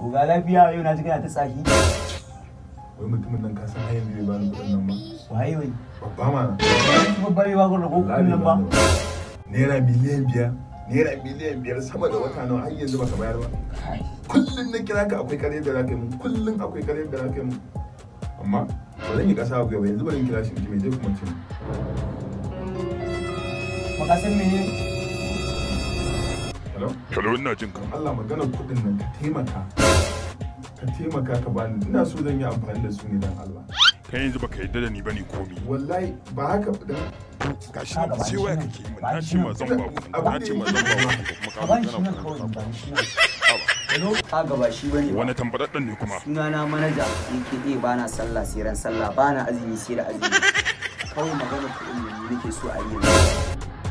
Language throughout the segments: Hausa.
Oga lafiya yau na ji kana ta tsaki. Wai mutumin nan ka san har yanzu bai bani kuɗin nan ba. Waye wai? Babba ma na. Babba bai ba ku rago kuɗin nan ba. Naira miliyan biyar. Naira miliyan biyar sama da wata nawa har yanzu baka bayar ba. Kullum na kira ka akwai karyar da za ka yi mun. Kullum akwai karyar da za yi mun. Amma ba zan yi ƙasa ba yanzu ba in kira shi mutum zai kuma ce. Baka san menene? Hello? Hello, ina jin ka. Allah magana kudin nan ka taimaka. ka taimaka ka bani ina so zan yi amfani da su ne dan Allah kai yanzu ka yadda da ni bane komi wallahi ba haka da gashi na ce waya kake mun na ce ma zan ba ku na ce ma zan ba ku kuma ka ga kana ka ba shi bane wani tambadaddan ne kuma Suna na manaja ba bana sallah sai ran sallah bana azumi sai da azumi kawai magana kuɗin ne nake so a yi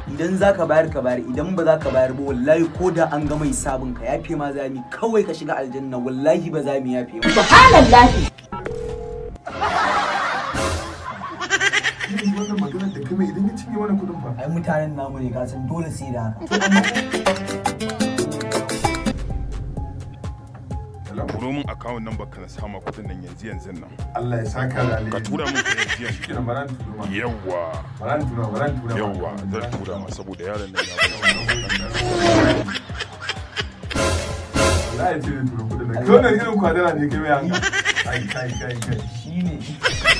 idan za ka bayar ka bayar idan ba za ka bayar ba wallahi ko da an ga mai sabon ka yafe ma za mu kawai ka shiga aljanna wallahi ba za mu yafe ma subhanallahi magana da kuma idan ya cinye kudin ba ai mutanen namu ne ka san dole sai da haka Allah turo min account number ka na sama kuɗin nan yanzu yanzu nan Allah ya saka da ka tura min ka yanzu yanzu kina baran tura ma Yawwa. yawa baran turo tura ma. Yawwa, zan tura ma saboda yaron nan ya Allah ya ce da tura kuɗin nan kawai irin kwadara ne kai mai hanga kai kai kai kai Shi ne.